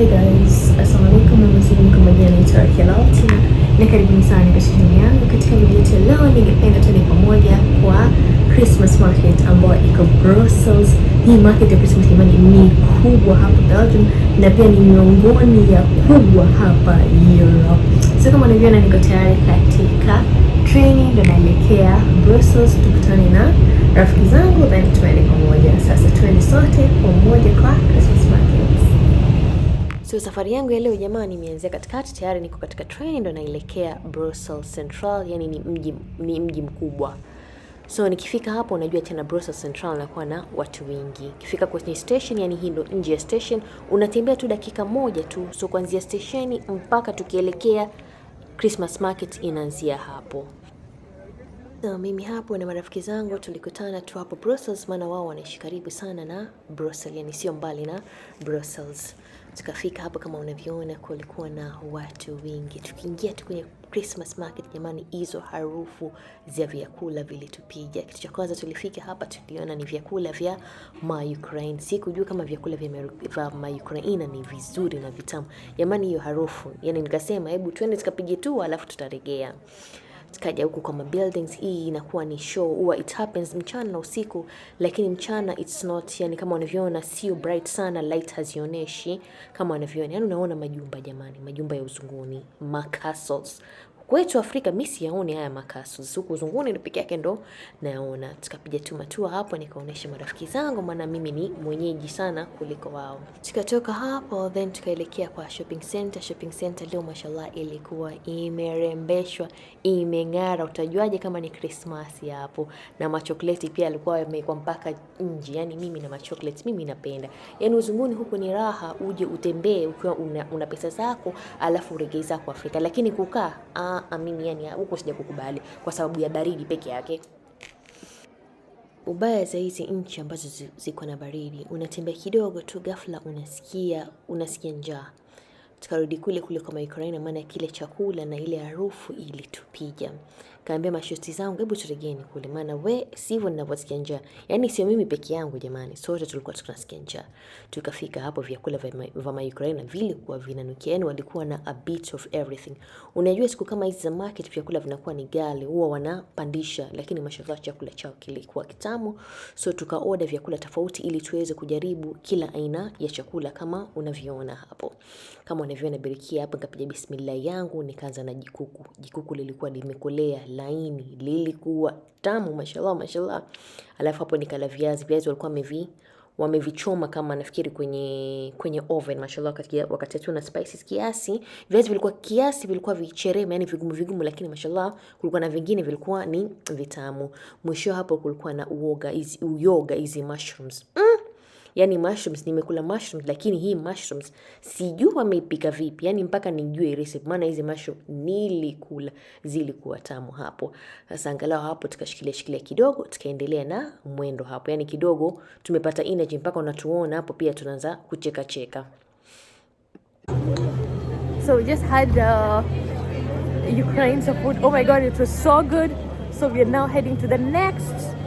Hey guys, assalamu alaikum. Mimi kwa majina naitwa Kelauti na karibuni sana katika channel yangu. Katika video yetu leo, ningependa tuende pamoja kwa Christmas market ambayo iko Brussels. Hii market ya Christmas jamani, ni kubwa hapa Belgium na pia ni miongoni ya kubwa hapa Europe. Sasa kama unavyoona, niko tayari katika training na naelekea Brussels. Tukutane na rafiki zangu, then tuende pamoja. Sasa tuende sote pamoja kwa Christmas market. So safari yangu ya leo jamani, imeanzia katikati, tayari niko katika treni ndo naelekea Brussels Central, yani ni mji ni mji mkubwa. So nikifika hapo, unajua tena Brussels Central nakuwa na watu wengi. Kifika kwenye station, yani hii ndo nje ya station, unatembea tu dakika moja tu. So kuanzia stesheni mpaka tukielekea Christmas market inaanzia hapo. So, mimi hapo na marafiki zangu tulikutana tu hapo Brussels, maana wao wanaishi karibu sana na Brussels, yani sio mbali na Brussels tukafika hapa, kama unavyoona kulikuwa na watu wengi. Tukiingia tu kwenye Christmas market, jamani, hizo harufu za vyakula vilitupiga. Kitu cha kwanza tulifika hapa, tuliona ni vyakula vya ma Ukraine. Sikujua kama vyakula vya ma Ukraine ni vizuri na vitamu, jamani, hiyo harufu yani, nikasema hebu twende tukapige tu, alafu tutaregea tukaja huku kwa buildings. Hii inakuwa ni show, huwa it happens mchana na usiku, lakini mchana it's not, yani kama unavyoona sio bright sana, light hazionyeshi kama unavyoona. Yani unaona majumba jamani, majumba ya uzunguni ma castles kwetu Afrika mi siyaoni haya makasus, huku zunguni peke yake ndo naona. Tukapiga tu matua hapo, nikaonesha marafiki zangu, maana mimi ni mwenyeji sana kuliko wao. Tukatoka hapo then tukaelekea kwa shopping center. Shopping center leo mashallah ilikuwa imerembeshwa, imeng'ara, utajuaje kama ni Christmas hapo, na machokleti pia alikuwa yamewekwa mpaka nje. Yani mimi na machokleti mimi napenda, yani uzunguni huku ni raha, uje utembee ukiwa una, una pesa zako alafu uregei zako Afrika, lakini kukaa ah, a, mimi yani huko sijakukubali kwa sababu ya baridi peke yake. Ubaya za hizi nchi ambazo ziko na baridi, unatembea kidogo tu, ghafla unasikia unasikia njaa. Tukarudi kule kule kwa Ukraine, maana kile chakula na ile harufu ilitupiga kaambia mashosti zangu, hebu turegeni kule, maana we sivyo ninavyosikia njaa. Yani sio mimi peke yangu jamani, sote tulikuwa tunasikia njaa. Tukafika hapo, vyakula vya ma Ukraine vilikuwa vinanukia, yani walikuwa na a bit of everything. Unajua siku kama hizi za market vyakula vinakuwa ni ghali, huwa wanapandisha, lakini mashallah chakula chao kilikuwa kitamu, so tukaoda vyakula tofauti ili tuweze kujaribu kila aina ya chakula kama unavyoona hapo, kama unavyoona birikia hapo. Nikapiga bismillah yangu nikaanza na jikuku. Jikuku lilikuwa limekolea laini, lilikuwa tamu, mashallah mashallah. Alafu hapo nikala viazi, viazi walikuwa wamevi wamevichoma kama nafikiri kwenye kwenye oven mashallah, wakati wakati tu na spices kiasi. Viazi vilikuwa kiasi, vilikuwa vicherema, yani vigumu vigumu, lakini mashallah kulikuwa na vingine vilikuwa ni vitamu. Mwisho hapo kulikuwa na uoga hizi uyoga hizi mushrooms mm yani mushrooms, nimekula mushrooms, lakini hii mushrooms sijui wameipika vipi, yani mpaka nijue recipe, maana hizi mushroom nilikula zilikuwa tamu hapo. Sasa angalau hapo tukashikilia shikilia kidogo, tukaendelea na mwendo hapo, yani kidogo tumepata energy, mpaka unatuona hapo pia tunaanza kucheka cheka. So we just had uh, Ukraine support. Oh my God, it was so good. So we are now heading to the next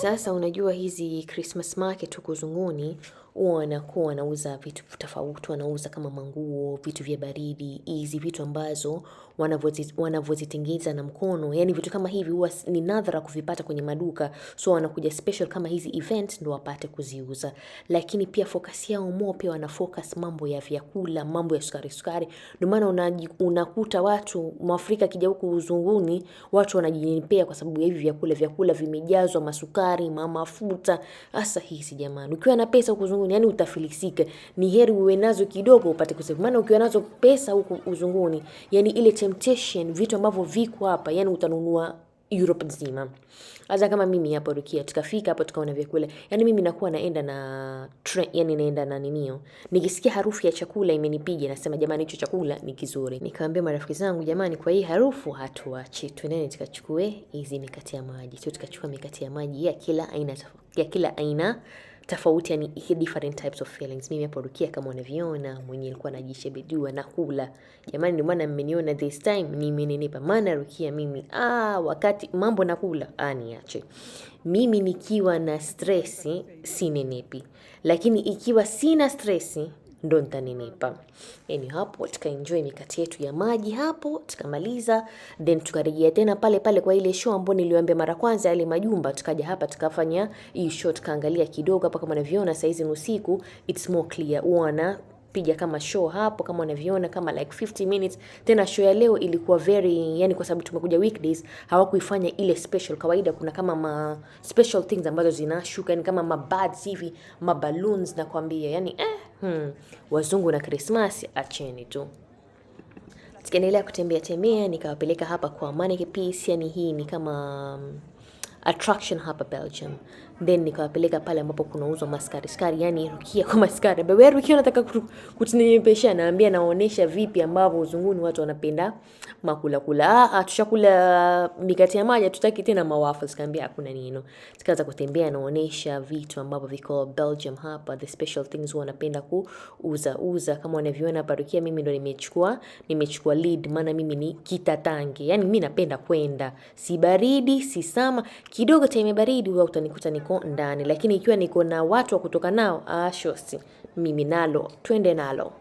sasa unajua hizi Christmas market huko Zunguni wanakuwa wanauza vitu tofauti, wanauza kama manguo, vitu vya baridi, hizi vitu ambazo wanavyozitengeneza na mkono, yani vitu kama hivi huwa ni nadhara kuvipata kwenye maduka, so wanakuja special kama hizi event ndo wapate kuziuza. Lakini pia focus yao mo, pia wana focus mambo ya vyakula, mambo ya sukari sukari, ndio maana unakuta watu Mwafrika akija huku uzunguni, watu wanajinipea kwa sababu ya hivi vyakula, vyakula vimejazwa masukari, mamafuta. Hasa hizi jamani, ukiwa na pesa huku uzunguni uzunguni, yani utafilisika. Ni heri uwe nazo kidogo upate kusave, maana ukiwa nazo pesa huko uzunguni, yani ile temptation, vitu ambavyo viko hapa, yani utanunua Europe nzima. Hata kama mimi hapo Rukia tukafika hapo tukaona vyakula. Yaani mimi nakuwa naenda na train, yani naenda na ninio. Nikisikia harufu ya chakula imenipiga nasema jamani hicho chakula ni kizuri. Nikamwambia marafiki zangu jamani kwa hii harufu hatuachi. Twendeni tukachukue hizi mikate ya maji. Sio Tukachukua mikate ya maji ya kila aina ya kila aina tofauti, yani different types of feelings. Mimi hapo Rukia kama unavyoona mwenye alikuwa anajishebedua na kula. Jamani, ndio maana mmeniona this time nimenenepa, maana Rukia mimi ah, wakati mambo nakula ah, niache mimi nikiwa na stress sinenepi, lakini ikiwa sina stress ndo nitaninipa. Yani hapo tukaenjoy mikate yetu ya maji hapo, tukamaliza then tukarejea tena pale pale kwa ile show ambayo niliwaambia mara kwanza, yale majumba. Tukaja hapa tukafanya hii show, tukaangalia kidogo hapa, kama unavyoona saa hizi usiku, it's more clear, uona piga kama show hapo kama unavyoona kama like 50 minutes. Tena show ya leo ilikuwa very yani, kwa sababu tumekuja weekdays, hawakuifanya ile special. Kawaida kuna kama ma special things ambazo zinashuka yani kama mabads hivi na kwambia yani eh, hmm, wazungu na Christmas acheni tu. Tukaendelea kutembea tembea, nikawapeleka hapa kwa Maneke Peace, yani hii ni kama attraction hapa Belgium, then nikawapeleka pale ambapo kunauzwa maskari skari, yani rukia kwa maskari. Bebe rukia, nataka kutunepesha, naambia naonesha vipi ambavyo uzunguni watu wanapenda makula kula. Ah, ah tushakula mikate ya maji, tutaki tena mawafa. Sikaambia hakuna neno, sikaanza kutembea, naonesha vitu ambavyo viko Belgium hapa, the special things wanapenda kuuza uza. Kama unavyoona hapa rukia, mimi ndo nimechukua nimechukua lead, maana mimi ni kitatange, yani mimi napenda kwenda, si baridi si sama kidogo time baridi huwa utanikuta niko ndani, lakini ikiwa niko na watu wa kutoka nao, ashosti ah, mimi nalo twende nalo.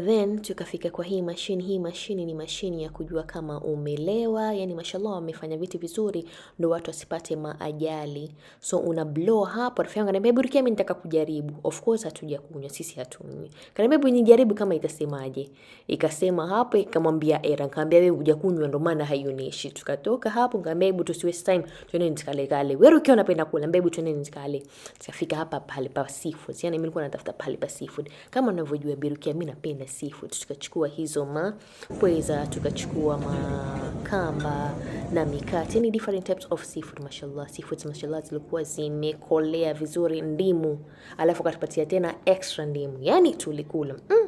Then tukafika kwa hii mashini. Hii mashini ni mashini ya kujua kama umelewa, yani mashallah wamefanya vitu vizuri ndo watu wasipate maajali. So una blow hapo, rafiki yangu ananiambia hebu Rukia, mimi nitaka kujaribu. Of course hatuja kunywa, sisi hatunywi. Kaniambia hebu nijaribu kama itasemaje. Ikasema hapo, ikamwambia era, nikamwambia wewe kunywa, ndo maana haionyeshi. Tukatoka hapo, nikamwambia hebu tusi waste time, twende nikale kale. Wewe Rukia unapenda kula, mbona hebu twende nikale. Tukafika hapa pale pa seafood. Yani mimi nilikuwa natafuta pale pa seafood. Kama unavyojua Birukia mimi napenda vya seafood. Tukachukua hizo ma pweza, tukachukua makamba na mikate, yani different types of seafood. Mashallah, seafood mashallah zilikuwa zimekolea vizuri, ndimu, alafu katupatia tena extra ndimu, yani tulikula mm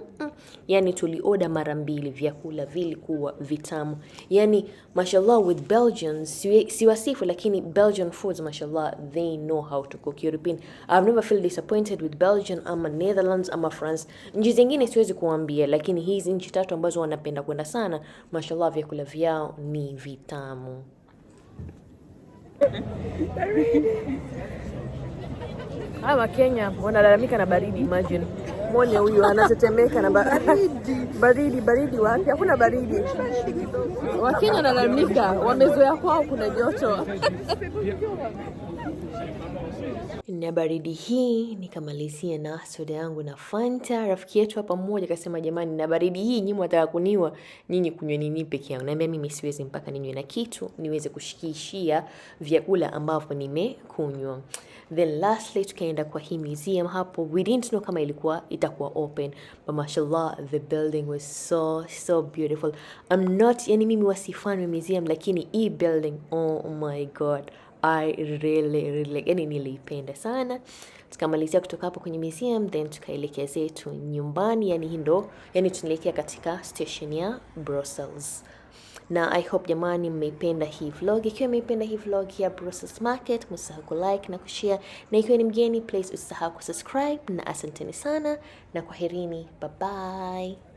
yani tulioda mara mbili, vyakula vilikuwa vitamu. Yani mashallah with Belgians, si wasifu, lakini Belgian foods mashallah they know how to cook European. I've never felt disappointed with Belgian ama Netherlands ama France. Nchi zingine siwezi kuambia, lakini hizi nchi tatu ambazo wanapenda kwenda sana mashallah, vyakula vyao ni vitamu. Hawa Kenya wanalalamika na baridi, imagine. Mwone huyu anatetemeka na baridi baridi baridi. Wapi hakuna baridi. Wakenya wanalalamika wamezoea kwao kuna joto na baridi hii, nikamalizia na soda yangu na Fanta. Rafiki yetu hapa mmoja akasema, jamani, na baridi hii nyinyi mtaka kuniwa nyinyi kunywe nini peke yangu? Naambia mimi siwezi mpaka ninywe na kitu niweze kushikishia vyakula ambavyo nimekunywa. Then lastly tukaenda kwa hii museum hapo, we didn't know kama ilikuwa itakuwa open but mashallah the building was so so beautiful. I'm not yani mimi wasifani museum, lakini hii building oh my god I really, really, yani niliipenda sana. Tukamalizia kutoka hapo kwenye museum then tukaelekea zetu nyumbani, yani hii ndo, yani tunaelekea katika station ya Brussels na I hope jamani, mmeipenda hii vlog. Ikiwa mmeipenda hii vlog ya Brussels Market, msisahau ku like na kushare, na ikiwa ni mgeni, please usisahau kusubscribe, na asanteni sana na kwaherini, bye bye.